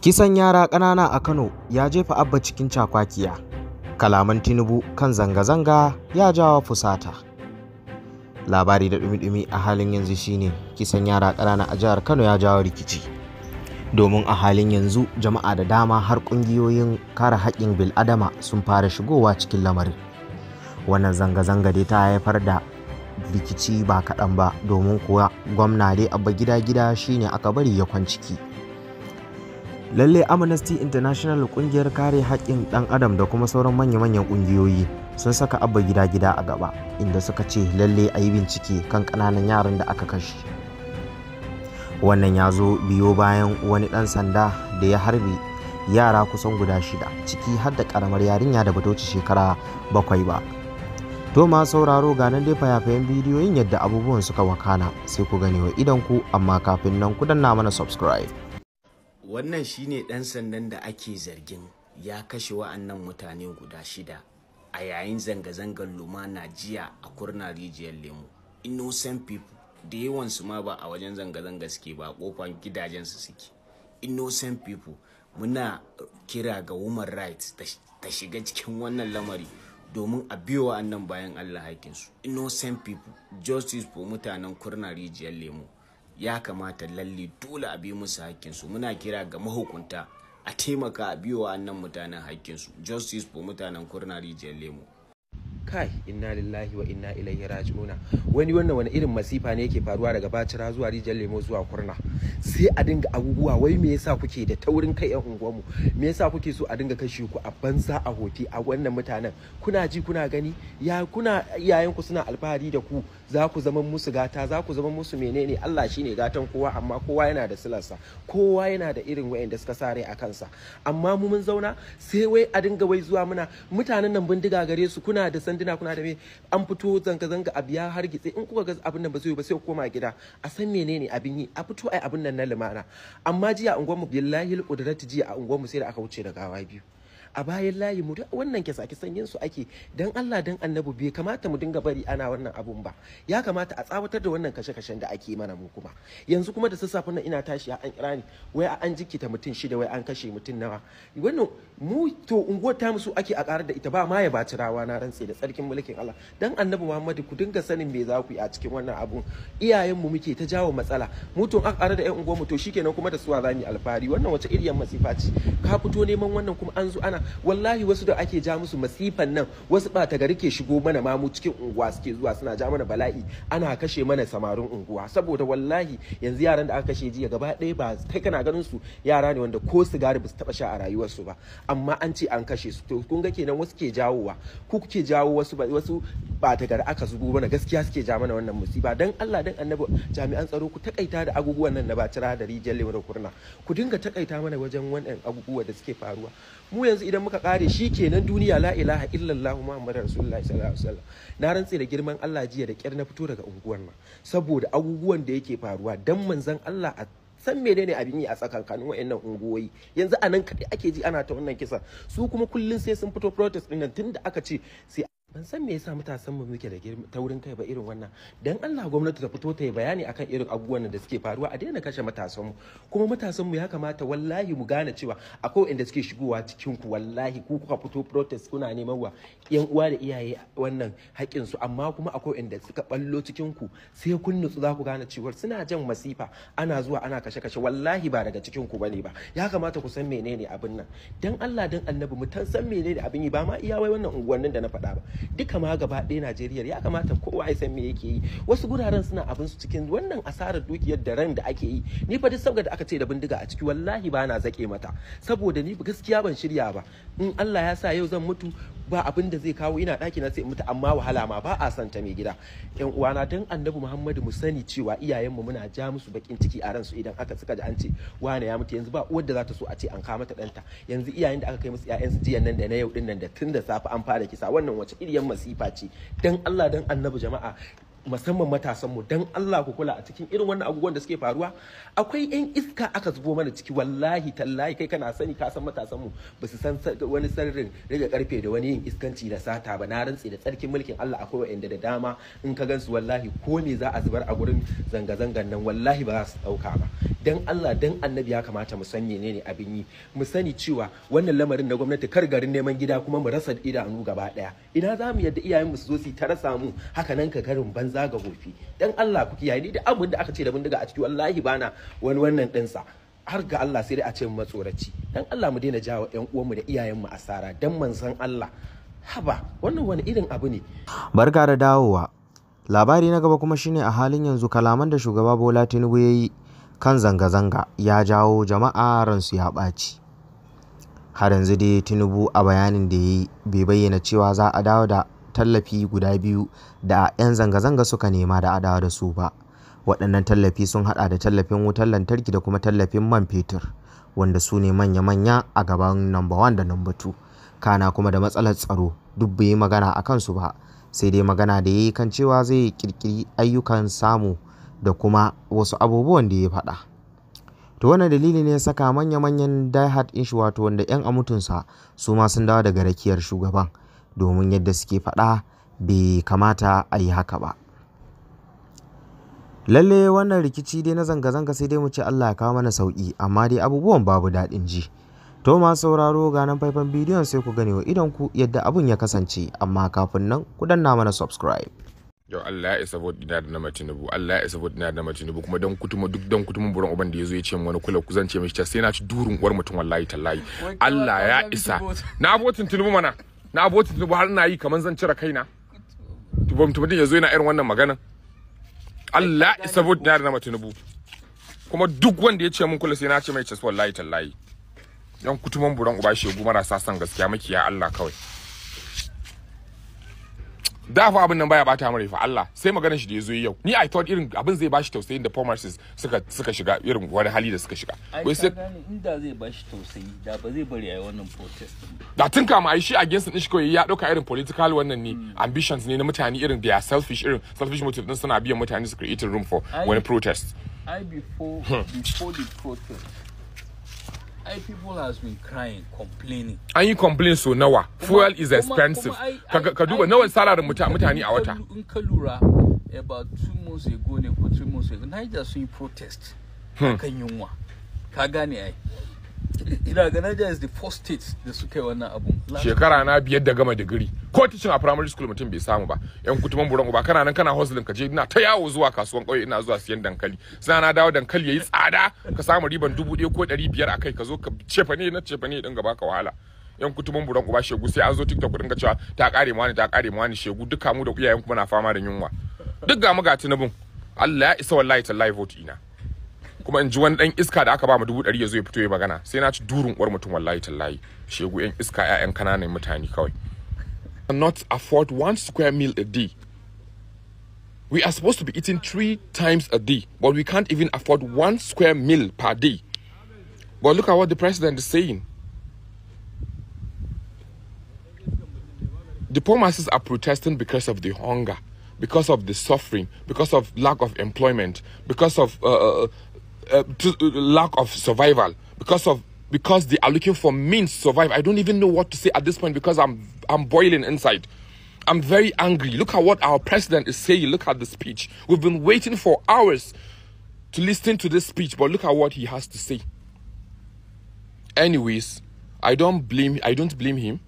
Kisan yara ƙanana a Kano ya jefa Abba cikin cakwakiya. Kalaman Tinubu kan zanga-zanga ya jawo fusata. Labari da ɗumi-ɗumi a halin yanzu shine kisan yara ƙanana a jihar Kano ya jawo rikici. Domin a halin yanzu jama'a da dama har ƙungiyoyin kare haƙƙin bil'adama sun fara shigowa cikin lamarin. Wannan zanga-zanga dai ta haifar da rikici ba kaɗan ba domin kuwa gwamna dai abba gida-gida shine aka bari ya kwanciki. lalle amnesty international kungiyar kare haƙƙin ɗan adam da kuma sauran manya-manyan ƙungiyoyi sun saka abba gida-gida a gaba inda suka ce lalle a yi bincike kan ƙananan yaran da aka kashe wannan ya zo biyo bayan wani ɗan sanda da ya harbe yara kusan guda shida ciki har da karamar yarinya da bata shekara bakwai ba to ma sauraro ga nan dai fayafayen bidiyoyin yadda abubuwan suka wakana sai ku gani wa idan ku amma kafin nan ku danna mana subscribe wannan shi ne ɗan sandan da ake zargin ya kashe wa'annan mutane guda shida a yayin zanga-zangar lumana jiya a kurna rijiyar lemo. innocent people da yawansu ma ba a wajen zanga-zanga suke ba kofan gidajensu suke innocent people muna kira ga woman rights ta shiga cikin wannan lamari domin a biyo wa'annan bayan allah haƙinsu innocent people justice for mutanen kurna rijiyar lemo. ya kamata lalle dole a bi musu hakkinsu muna kira ga mahukunta a taimaka a biyo wa annan mutanen hakkinsu justice for mutanen kurna rijiyar lemo kai inna lillahi wa inna ilaihi raji'una wani wannan wani irin masifa ne yake faruwa daga bacira zuwa rijiyar lemo zuwa kurna sai a dinga abubuwa wai me yasa kuke da taurin kai yan unguwarmu me yasa kuke so a dinga kashe ku a banza a hoti a wannan mutanen kuna ji kuna gani ya kuna iyayen ku suna alfahari da ku za ku zama musu gata za ku zama musu menene Allah shine gatan kowa amma kowa yana da silarsa kowa yana da irin wayanda suka sa rai a kansa amma mu mun zauna sai wai a dinga wai zuwa muna mutanen nan bindiga gare su kuna da sanduna kuna da me an fito zanga-zanga abu ya gitse in kuka ga abin nan ba zai ba sai koma gida a san menene abin yi a fito ai abin nan na lumana amma jiya unguwar mu billahi al-qudrati jiya a unguwar mu sai da aka wuce da gawa biyu a bayan layi mu wannan ke saki sanyin su ake dan Allah dan annabi bai kamata mu dinga bari ana wannan abun ba ya kamata a tsawatar da wannan kashe-kashen da ake mana mu kuma yanzu kuma da sassafe nan ina tashi an kirani ni a an jikita mutum shida wai an kashe mutum nawa wannan mu to unguwar ta musu ake a karar da ita ba ma ya baci rawa na rantse da tsarkin mulkin Allah dan annabi Muhammadu ku dinga sanin me za ku yi a cikin wannan abun iyayen mu muke ta jawo matsala mu to a karar da ƴan unguwar mu to shikenan kuma da suwa zamu mu alfahari wannan wace iriyar masifa ce ka fito neman wannan kuma an zo ana wallahi wasu da ake ja musu masifan nan wasu ɓata gari ke shigo mana mamu cikin unguwa suke zuwa suna ja mana bala'i ana kashe mana samarin unguwa saboda wallahi yanzu yaran da aka kashe jiya gaba ɗaya ba kai kana ganin su yara ne wanda ko sigari ba su taɓa sha a rayuwarsu ba amma an ce an kashe su to kun ga kenan wasu ke jawowa ku kuke jawo wasu wasu ba ta gari aka zubo mana gaskiya suke ja mana wannan musiba dan Allah dan annabi jami'an tsaro ku takaita da aguguwan nan na cira da rijiyar lewar kurna ku dinga takaita mana wajen wannan aguguwa da suke faruwa mu yanzu idan muka kare shi kenan duniya la ilaha illallah muhammadar rasulullahi sallallahu alaihi wasallam na rantse da girman Allah jiya da kyar na fito daga unguwar nan saboda aguguwan da yake faruwa dan manzon Allah a san menene abin yi a tsakankanin wayannan unguwoyi yanzu a nan kaɗai ake ji ana ta wannan kisa su kuma kullum sai sun fito protest ɗin nan da aka ce sai ban san me yasa matasan mu muke da taurin kai ba irin wannan dan Allah gwamnati ta fito ta yi bayani akan irin abubuwan da suke faruwa a daina kashe matasan mu kuma matasan mu ya kamata wallahi mu gane cewa akwai inda suke shigowa cikin ku wallahi ku kuka fito protest kuna neman wa yan uwa da iyaye wannan haƙin su amma kuma akwai inda suka ballo cikin ku sai kun nutsu za ku gane cewa suna jan masifa ana zuwa ana kashe kashe wallahi ba daga cikin ku bane ba ya kamata ku san menene abin nan dan Allah dan Annabi mu san menene abin yi ba ma iya wai wannan unguwannin da na faɗa ba duka ma gaba ɗaya najeriya ya kamata kowa ya san me yake yi wasu guraren suna abin su cikin wannan asarar dukiyar da ran da ake yi ni fa duk saboda aka ce da bindiga a ciki wallahi ba na zake mata saboda ni gaskiya ban shirya ba in allah ya sa yau zan mutu ba abin da zai kawo ina ɗaki na sai mutu amma wahala ma ba a san ta mai gida yan uwana dan annabi muhammadu mu sani cewa iyayenmu muna ja musu bakin ciki a ransu idan aka suka ji an ce wane ya mutu yanzu ba uwar da za ta so a ce an kama ta ɗanta yanzu iyayen da aka kai musu su jiyan nan da na yau din nan da tun da safe an fara kisa wannan wace iriyan masifa ce dan Allah dan annabi jama'a musamman matasanmu don Allah ku kula a cikin irin wannan abubuwan da suke faruwa akwai 'yan iska aka zubo mana ciki wallahi tallahi kai kana sani ka san matasanmu ba su san wani sarrin rage karfe da wani yin iskanci da sata ba na rantse da tsarkin mulkin Allah akwai wa'anda da dama in ka gansu wallahi ko me za a zubar a gurin zanga-zangan nan wallahi ba za su ɗauka ba dan Allah dan annabi ya kamata mu ne ne abin yi mu sani cewa wannan lamarin na gwamnati kar garin neman gida kuma mu rasa idanu gaba daya ina za mu yadda iyayen mu su zo su ta rasa mu haka nan ka garin banza ga gofi dan Allah ku kiyaye da abin da aka ce da bindiga a ciki wallahi bana wani wannan sa har ga Allah sai dai a ce mu matsoraci dan Allah mu daina jawo ƴan uwanmu da mu asara dan manzon Allah haba wannan wani irin abu ne barka da dawowa labari na gaba kuma shine a halin yanzu kalaman da shugaba Bola Tinubu ya yi kan zanga-zanga ya jawo jama'a ransu ya ɓaci. Har yanzu dai Tinubu a bayanin da ya bai bayyana cewa za a dawo da tallafi guda biyu da 'yan zanga-zanga suka nema da a dawo da su ba. Waɗannan tallafi sun haɗa da tallafin wutar lantarki da kuma tallafin man fetur, wanda su ne manya-manya a gaban Number One da Number Two. Kana kuma da matsalar tsaro duk bai magana a kansu ba, sai dai magana da ya yi kan cewa zai ƙirƙiri ayyukan samu da kuma wasu abubuwan da ya faɗa. To wannan dalili ne ya saka manya-manyan diehard inshi wato wanda 'yan amutunsa su ma sun dawo daga rakiyar shugaban domin yadda suke faɗa bai kamata a yi haka ba. Lalle wannan rikici dai na zanga-zanga sai dai mu ce Allah ya kawo mana sauki amma dai abubuwan babu daɗin ji. To masu sauraro ga nan faifan bidiyon sai ku gani wa ku yadda abun ya kasance amma kafin nan ku danna mana subscribe. yau Allah ya isa vote dina da na Tinubu Allah ya isa vote dina da na Tinubu kuma dan kutuma duk dan kutuma buran uban da yazo ya ce min wani kula kuzance mishi ta sai na ci durun uwar mutum wallahi tallahi Allah ya isa na abotin Tinubu mana na abotin Tinubu har na yi kaman zan cire kaina tubum tubum yazo yana irin wannan magana Allah ya isa vote dina da na Tinubu kuma duk wanda ya ce mun kula sai na ce mai ci wallahi tallahi dan kutuman buran uba shegu marasa san gaskiya makiya Allah kawai da fa abin nan baya bata mare fa Allah sai maganar shi da yazo yau ni i thought irin abin zai bashi tausayin da formances suka suka shiga irin wani hali da suka shiga wai sai inda zai bashi tausayi da ba zai bari ayi wannan protest da tun kama ai shi against din shi kawai ya dauka irin political wannan ne hmm. ambitions ne na mutane irin they are selfish irin selfish motive din suna biyan mutane su create room for wani protest i before hmm. before the protest people has been crying complaining an yi complain so now fuel is expensive ka duba nawa salarin mutane a wata in ka lura about two months ago ne ko three months ago Niger sun yi protest hmm. kan yunwa ka gane ai ina ga is the first state da suka wannan abun shekara na biyar da gama digiri ko teaching a primary school mutum bai samu ba yan kutuban buran uba kana nan kana hustling ka je ina ta yawo zuwa kasuwan kauye ina zuwa siyan dankali sai na dawo dankali yayi tsada ka samu riban dubu ɗaya ko ɗari biyar a kai ka zo ka cefa ne na cefa ne din gaba ka wahala yan kutuban buran uba shegu sai an zo tiktok din ka cewa ta kare mu ne ta kare mu shegu duka mu da iyayen kuma na fama da yunwa duk ga mu ga tunubin Allah ya isa wallahi tallahi vote ina kuma in ji wani dan iska da aka ba mu dubu ɗari ya zo ya fito ya magana sai na ci durin uwar mutum wallahi tallahi shegu yan iska ƴaƴan kananan mutane kawai not afford one square meal a day we are supposed to be eating three times a day but we can't even afford one square meal per day but look at what the president is saying the poor masses are protesting because of the hunger because of the suffering, because of lack of employment, because of uh, uh, uh uh, uh, lack of survival because of because they are looking for means to survive. I don't even know what to say at this point because I'm I'm boiling inside. I'm very angry. Look at what our president is saying. Look at the speech. We've been waiting for hours to listen to this speech, but look at what he has to say. Anyways, I don't blame I don't blame him.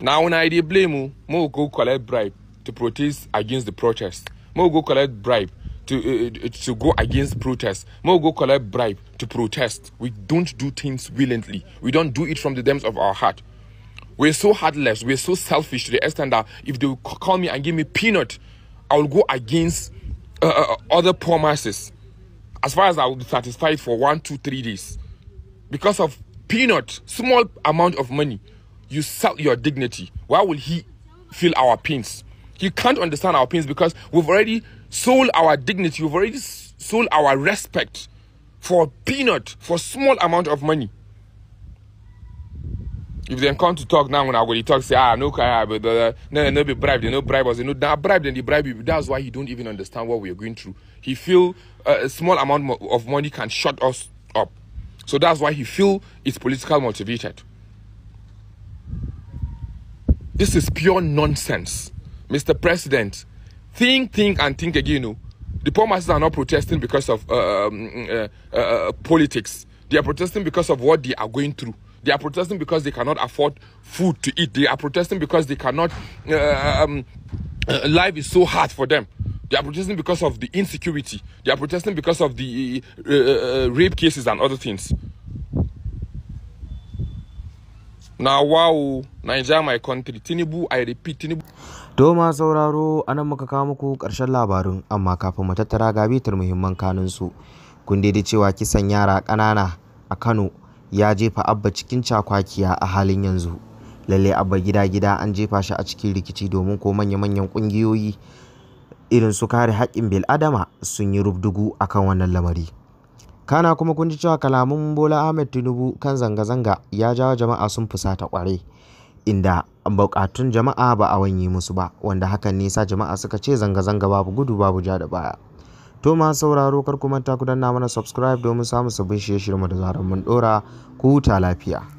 Now when I blame you, more go collect bribe to protest against the protest. More go collect bribe to uh, uh, to go against protest. More go collect bribe to protest. We don't do things willingly. We don't do it from the depths of our heart. We're so heartless. We're so selfish to the extent that if they call me and give me peanut, I will go against uh, uh, uh other poor masses. As far as I will be satisfied for one, two, three days, because of peanut, small amount of money, you sell your dignity. Why will he feel our pains? He can't understand our pains because we've already sold our dignity, you've already sold our respect for a peanut, for a small amount of money. If they come to talk now, when I go to talk, say, ah, no, ah, but uh, no, no, no, be bribed, they no bribe us, they no nah, bribe, then they bribe you. That's why he don't even understand what we are going through. He feel uh, a small amount of money can shut us up. So that's why he feel it's political motivated. This is pure nonsense. Mr. President, Think, think, and think again. You oh. know. The poor masses are not protesting because of uh, um, mm, uh, uh, uh, politics. They are protesting because of what they are going through. They are protesting because they cannot afford food to eat. They are protesting because they cannot. Uh, uh um, life is so hard for them. They are protesting because of the insecurity. They are protesting because of the rape cases and other things. na wawo Niger my country Tinubu I repeat Tinubu To ma sauraro anan muka kawo muku ƙarshen labarin amma kafin mu tattara ga bitar muhimman kanun su kun da cewa kisan yara ƙanana a Kano ya jefa Abba cikin cakwakiya a halin yanzu lalle Abba gida gida an jefa shi a cikin rikici domin ko manya manyan kungiyoyi irin su kare haƙƙin bil'adama sun yi rubdugu akan wannan lamari kana kuma kun ji cewa kalamun bola ahmed tinubu kan zanga-zanga ya jawo jama'a sun fusata kwarai inda bukatun jama'a ba a wanyi musu ba wanda hakan ne sa jama'a suka ce zanga-zanga babu gudu babu ja da baya to ma sauraro kar ku manta ku danna mana subscribe domin samun sabbin shirye-shiryen da zaran mun dora ku huta lafiya